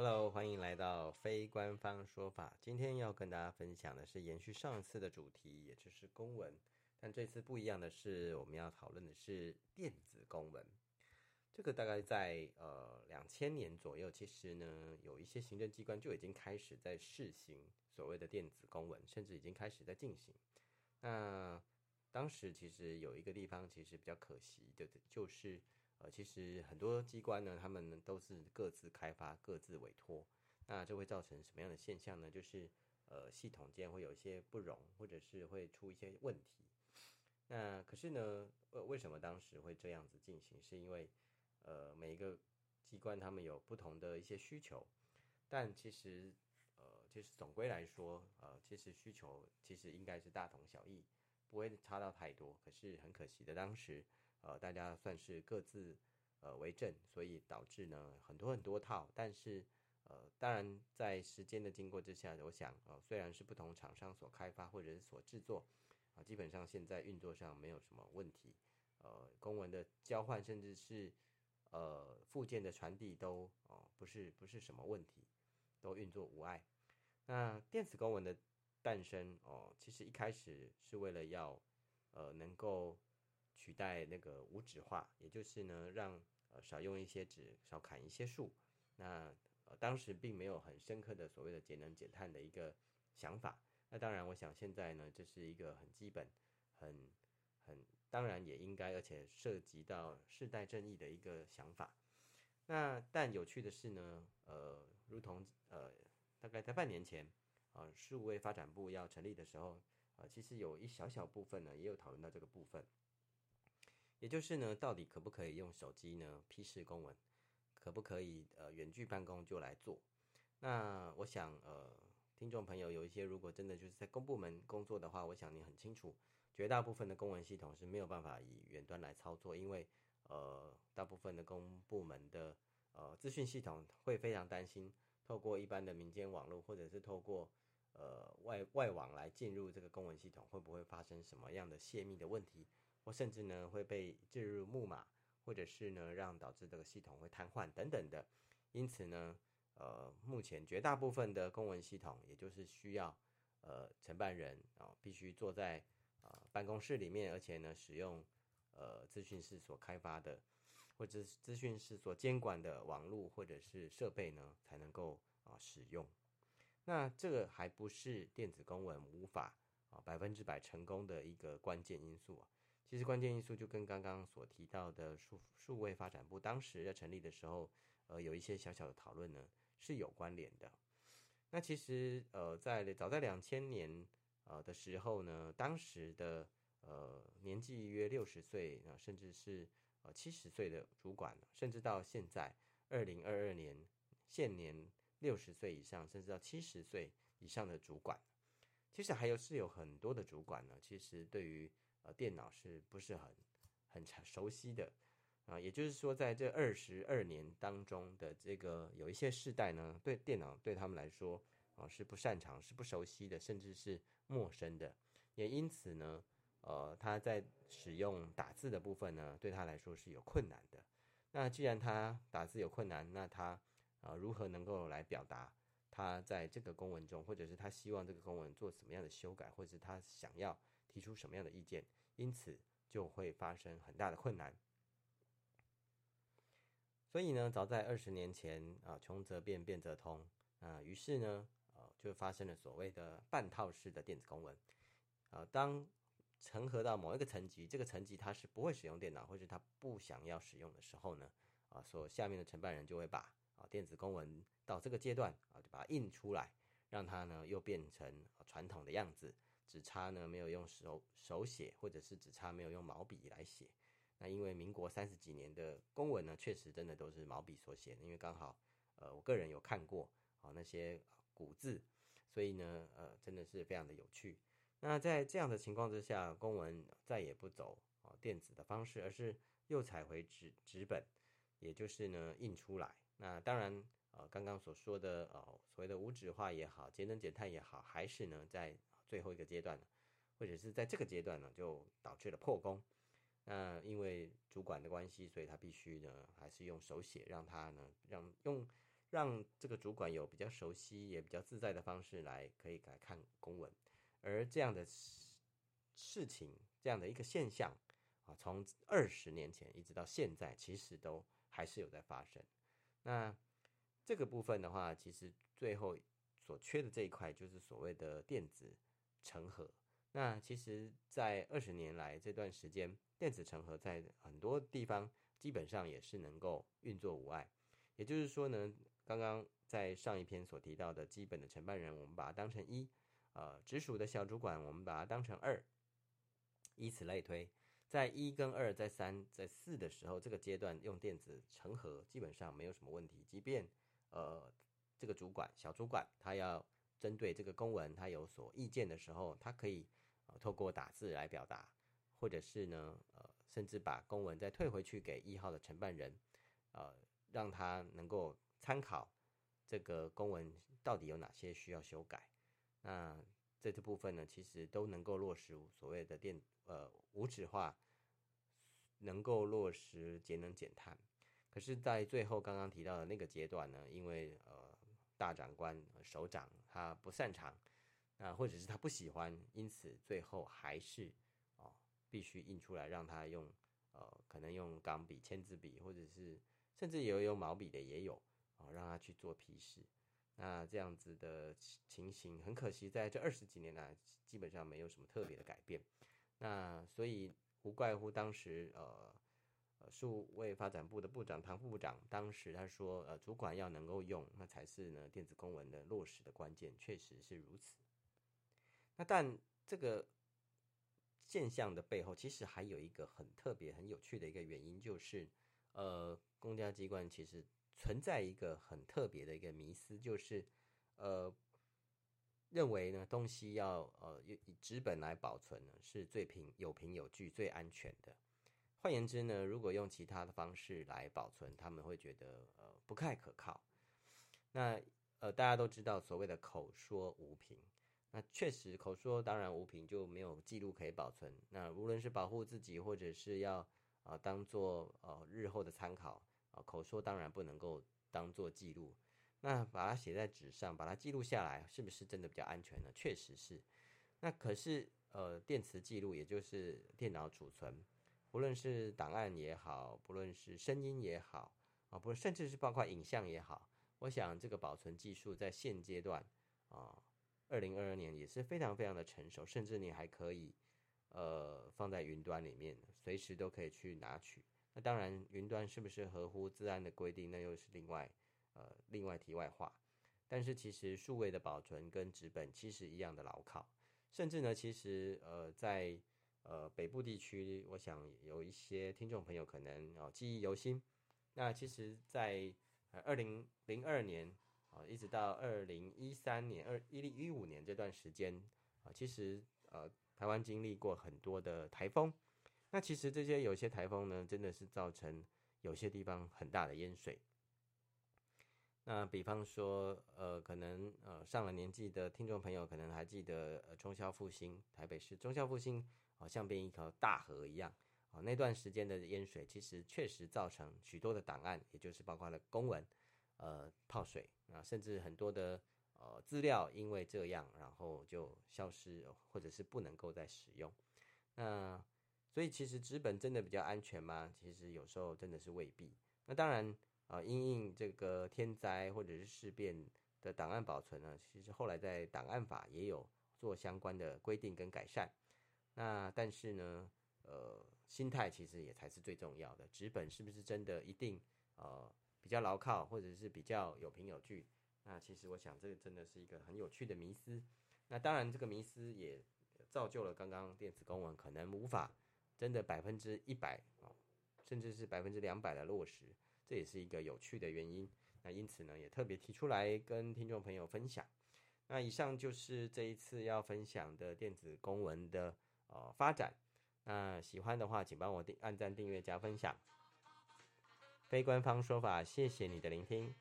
Hello，歡迎來到非官方說法。今天要跟大家分享的是延續上次的主題，也就是公文。但這次不一樣的是我們要討論的是電子公文。這個大概在呃兩千年左右，其實呢有一些行政機關就已經開始在試行所謂的電子公文，甚至已經開始在進行。那當時其實有一個地方其實比較可惜的就是。呃，其實很多機關呢，他們都是各自開發、各自委託，那這會造成什麼樣的現象呢？就是呃，系統間會有一些不容，或者是會出一些問題。那可是呢，呃，為什麼當時會這樣子進行？是因為呃，每一個機關他們有不同的一些需求，但其實呃，其實總歸來說，呃，其實需求其實應該是大同小異，不會差到太多。可是很可惜的，當時。呃，大家算是各自呃為政，所以導致呢很多很多套。但是呃，當然在時間的經過之下，我想呃雖然是不同廠商所開發或者所製作啊、呃，基本上現在運作上沒有什麼問題。呃，公文的交換，甚至是呃附件的傳遞都，都、呃、哦不是不是什麼問題，都運作無礙。那電子公文的誕生哦、呃，其實一開始是為了要呃能夠，取代那個無紙化，也就是呢，讓呃少用一些紙，少砍一些樹。那呃當時並沒有很深刻的所謂的節能減碳的一個想法。那當然，我想現在呢，這是一個很基本、很很當然也應該，而且涉及到世代正義的一個想法。那但有趣的是呢，呃，如同呃，大概在半年前，呃，數位發展部要成立的時候，呃，其實有一小小部分呢，也有討論到這個部分。也就是呢，到底可不可以用手機呢批示公文？可不可以呃遠距辦公就來做？那我想呃，聽眾朋友有一些如果真的就是在公部門工作的話，我想你很清楚，絕大部分的公文系統是沒有辦法以遠端來操作，因為呃大部分的公部門的呃資訊系統會非常擔心，透過一般的民間網絡或者是透過呃外外網來進入這個公文系統，會不會發生什麼樣的洩密的問題？甚至呢會被置入木馬，或者是呢讓導致這個系統會癱瘓等等的。因此呢，呃，目前絕大部分的公文系統，也就是需要呃承辦人啊、哦、必須坐在啊、呃、辦公室裡面，而且呢使用呃資訊室所開發的或者資訊室所監管的網路或者是設備呢才能夠啊、哦、使用。那這個還不是電子公文無法啊百分之百成功的一個關鍵因素啊。其實關鍵因素就跟剛剛所提到的數數位發展部當時在成立的時候，呃，有一些小小的討論呢，是有關聯的。那其實，呃，在早在兩千年，呃的時候呢，當時的呃年紀約六十歲，甚至是呃七十歲的主管，甚至到現在二零二二年現年六十歲以上，甚至到七十歲以上的主管，其實還有是有很多的主管呢，其實對於。呃，電腦是不是很很常熟悉的啊、呃？也就是說，在這二十二年當中的這個有一些世代呢，對電腦對他們來說啊、呃、是不擅長、是不熟悉的，甚至是陌生的。也因此呢，呃，他在使用打字的部分呢，對他來說是有困難的。那既然他打字有困難，那他啊、呃、如何能夠來表達他在這個公文中，或者是他希望這個公文做什麼樣的修改，或者是他想要提出什麼樣的意見，因此就會發生很大的困難。所以呢，早在二十年前啊，窮則變，變則通啊，於是呢，啊，就發生了所謂的半套式的電子公文啊。當成合到某一個層級，這個層級它是不會使用電腦，或者是它不想要使用的時候呢，啊，所以下面的承辦人就會把啊電子公文到這個階段啊，就把它印出來，讓它呢又變成，啊，傳統的樣子。只差呢沒有用手手寫，或者是只差沒有用毛筆來寫。那因為民國三十幾年的公文呢，確實真的都是毛筆所寫。因為剛好，呃，我個人有看過啊、哦、那些古字，所以呢，呃，真的是非常的有趣。那在這樣的情況之下，公文再也不走啊、哦、電子的方式，而是又採回紙紙本，也就是呢印出來。那當然，呃，剛剛所說的啊、哦，所謂的無紙化也好，節能減碳也好，還是呢在最後一個階段了，或者是在這個階段呢，就導致了破功。那因為主管的關係，所以他必須呢，還是用手寫，讓他呢，讓用讓這個主管有比較熟悉、也比較自在的方式來可以來看公文。而這樣的事情，這樣的一個現象啊，從二十年前一直到現在，其實都還是有在發生。那這個部分的話，其實最後所缺的這一塊，就是所謂的電子。陳核，那其實，在二十年來這段時間，電子陳核在很多地方基本上也是能夠運作無礙。也就是說呢，剛剛在上一篇所提到的基本的承辦人，我們把它當成一，呃，直屬的小主管，我們把它當成二，以此類推，在一跟二，在三，在四的時候，這個階段用電子陳核基本上沒有什麼問題。即便呃，這個主管、小主管他要。針對這個公文，他有所意見的時候，他可以透過打字來表達，或者是呢，呃，甚至把公文再退回去給一號的承辦人，呃，讓他能夠參考這個公文到底有哪些需要修改。那這，這部分呢，其實都能夠落實所謂的電呃無紙化，能夠落實節能減碳。可是，在最後剛剛提到的那個階段呢，因為呃。大長官、首長，他不擅長、呃，或者是他不喜歡，因此最後還是、哦、必須印出來讓他用，呃，可能用鋼筆、簽字筆，或者是甚至有用毛筆的也有，啊、哦，讓他去做批示。那這樣子的情形很可惜，在這二十幾年來、啊，基本上沒有什麼特別的改變。那所以無怪乎當時呃。呃，數位發展部的部長唐副部長當時他說：“呃，主管要能夠用，那才是呢電子公文的落實的關鍵，確實是如此。”那但這個現象的背後，其實還有一個很特別、很有趣的一個原因，就是呃，公家機關其實存在一個很特別的一個迷思，就是呃，認為呢東西要呃以以紙本來保存呢是最平有憑有據、最安全的。換言之呢，如果用其他的方式來保存，他們會覺得呃不太可靠。那呃大家都知道所謂的口說無憑，那確實口說當然無憑，就沒有記錄可以保存。那無論是保護自己，或者是要啊、呃、當做呃日後的參考啊、呃，口說當然不能夠當做記錄。那把它寫在紙上，把它記錄下來，是不是真的比較安全呢？確實是。那可是呃電磁記錄，也就是電腦儲存。不論是檔案也好，不論是聲音也好，啊，不，甚至是包括影像也好，我想這個保存技術在現階段，啊，二零二二年也是非常非常的成熟，甚至你還可以，呃，放在雲端裡面，隨時都可以去拿取。那當然，雲端是不是合乎資安的規定，那又是另外，呃，另外題外話。但是其實數位的保存跟紙本其實一樣的牢靠，甚至呢，其實呃在。呃，北部地區，我想有一些聽眾朋友可能哦記憶猶新。那其實在，在呃二零零二年啊、呃，一直到二零一三年、二一零一五年這段時間啊、呃，其實呃台灣經歷過很多的台風。那其實這些有些台風呢，真的是造成有些地方很大的淹水。那比方說，呃，可能呃上了年紀的聽眾朋友可能還記得，呃，忠孝復興台北市忠孝復興好、呃、像變一條大河一樣啊、呃，那段時間的淹水其實確實造成許多的檔案，也就是包括了公文，呃，泡水啊、呃，甚至很多的呃資料因為這樣然後就消失或者是不能夠再使用。那、呃、所以其實紙本真的比較安全嗎？其實有時候真的是未必。那當然。啊，因應這個天災、或者是事變的檔案保存呢，其實後來在檔案法也有做相關的規定跟改善。那但是呢，呃，心態其實也才是最重要的。紙本是不是真的一定呃比較牢靠，或者是比較有憑有據？那其實我想，這真的是一個很有趣的迷思。那當然，這個迷思也造就了剛剛電子公文可能無法真的百分之一百甚至是百分之兩百的落實。這也是一個有趣的原因，那因此呢，也特別提出來跟聽眾朋友分享。那以上就是這一次要分享的電子公文的呃發展。那喜歡的話，請幫我按讚、訂閱、加分享。非官方說法，謝謝你的聆聽。